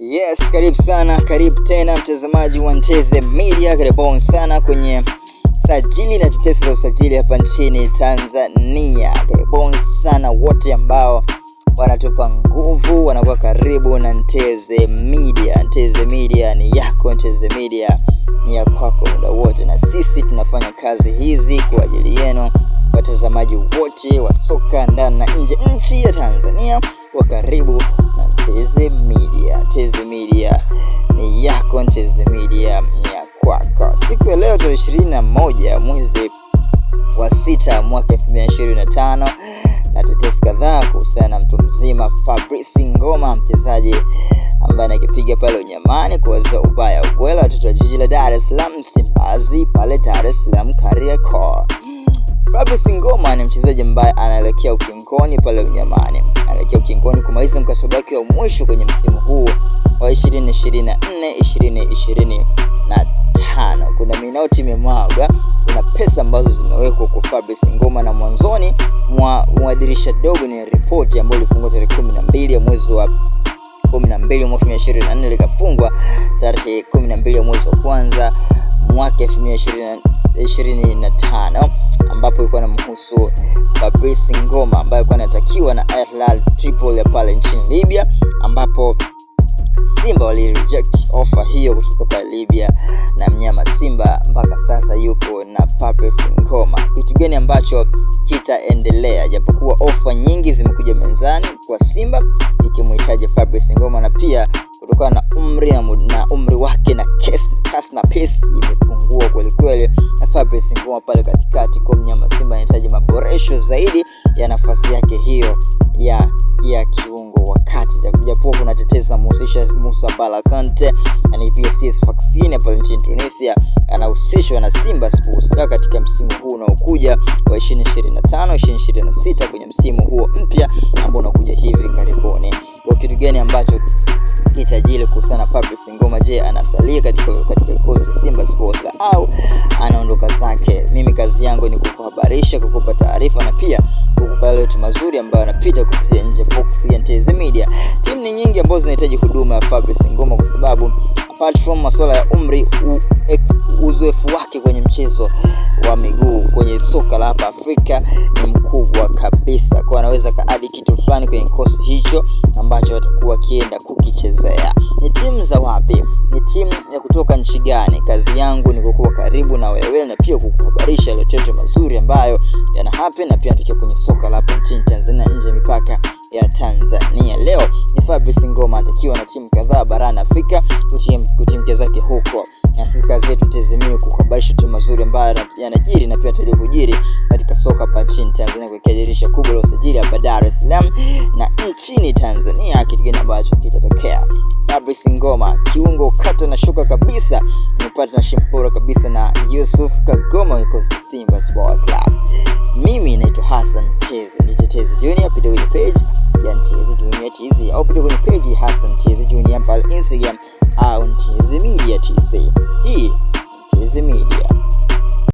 Yes, karibu sana, karibu tena mtazamaji wa Ncheze Media, karibuni sana kwenye sajili na tetesi za usajili hapa nchini Tanzania. Karibuni sana wote ambao wanatupa nguvu, wanakuwa karibu na Ncheze Media. Ncheze Media ni yako, Ncheze Media ni ya kwako muda wote, na sisi tunafanya kazi hizi kwa ajili yenu watazamaji wote wa soka ndani na nje nchi ya Tanzania, kwa karibu Tezi Media. Tezi Media ni yako, Tezi Media ni ya kwako. Siku ya leo tarehe moja mwezi wa sita mwaka 2025 na tetesi kadhaa kuhusiana na mtu mzima Fabrice Ngoma, mchezaji ambaye anakipiga pale Unyamani kuweza ubaya ubwela watoto wa jiji la Dar es Salaam, Msimbazi pale Dar es Salaam, Kariakoo. Fabrice Ngoma ni mchezaji ambaye anaelekea uki ukingoni pale unyamani. Anaelekea ukingoni kumaliza mkataba wake wa mwisho kwenye msimu huu wa 2024 2025. Kuna minoti imemwaga, kuna pesa ambazo zimewekwa kwa Fabrice Ngoma, na mwanzoni mwa, mwadirisha dogo ni ripoti ambayo ilifungwa tarehe 12 ya mwezi wa 12 mwaka 2024 likafungwa tarehe 12 ya mwezi wa kwanza mwaka tano ambapo ilikuwa inamhusu Fabrice Ngoma ambaye alikuwa anatakiwa na Al Hilal Tripoli pale nchini Libya, ambapo Simba wali reject offer hiyo kutoka pale Libya, na mnyama Simba mpaka sasa yuko na Fabrice Ngoma. Kitu gani ambacho kitaendelea? Japokuwa ofa nyingi zimekuja mezani kwa Simba ikimhitaji Fabrice Ngoma na pia kutokana na umri na umri wake na kasi na pesi imepungua kwelikweli, na Fabrice Ngoma pale katikati. Kwa mnyama Simba anahitaji maboresho zaidi ya nafasi yake hiyo ya ya kiungo wakati kati, japokuwa kuna tetezi muhusisha Musa Balakante na yani pia CS pale nchini Tunisia anahusishwa na Simba Sports katika msimu huu unaokuja wa 2025 2026 kwenye msimu huo mpya. je, anasalia katika katika kikosi Simba Sports au anaondoka zake? Mimi kazi yangu ni kukuhabarisha, kukupa taarifa na pia kukupa yote mazuri ambayo anapita kupitia nje box ya Nteze Media. Timu ni nyingi ambazo zinahitaji huduma ya Fabrice Ngoma kwa sababu apart from masuala ya umri, uzoefu wake kwenye mchezo wa miguu kwenye soka la hapa Afrika ni mkubwa anaweza kaadi kitu fulani kwenye kikosi hicho ambacho watakuwa wakienda kukichezea. Ni timu za wapi? Ni timu ya kutoka nchi gani? Kazi yangu ni kukuwa karibu na wewe na pia kukuhabarisha yaliyototo mazuri ambayo yana happen na pia natokea kwenye soka la hapa nchini Tanzania, nje ya mipaka ya Tanzania. Leo ni Fabrice Ngoma atakiwa na timu kadhaa barani Afrika kutimkia zake huko Afrika kazi yetu tazamiwe kukuhabarisha tu mazuri ambayo yanajiri na pia kujiri katika soka hapa nchini Tanzania, kuelekea dirisha kubwa la usajili hapa Dar es Salaam na nchini Tanzania, kitu gani ambacho kitatokea. Fabrice Ngoma kiungo kata na shuka kabisa, ni partnership bora kabisa na Yusuf Kagoma yuko Simba Sports Club. Mimi naitwa Hassan Cheze, ndicho Cheze Junior, pita kwenye page ya Cheze Junior Cheze au pita kwenye page Hassan Cheze Junior pale Instagram au Ntizi Media Tz. Hii Ntizi Media.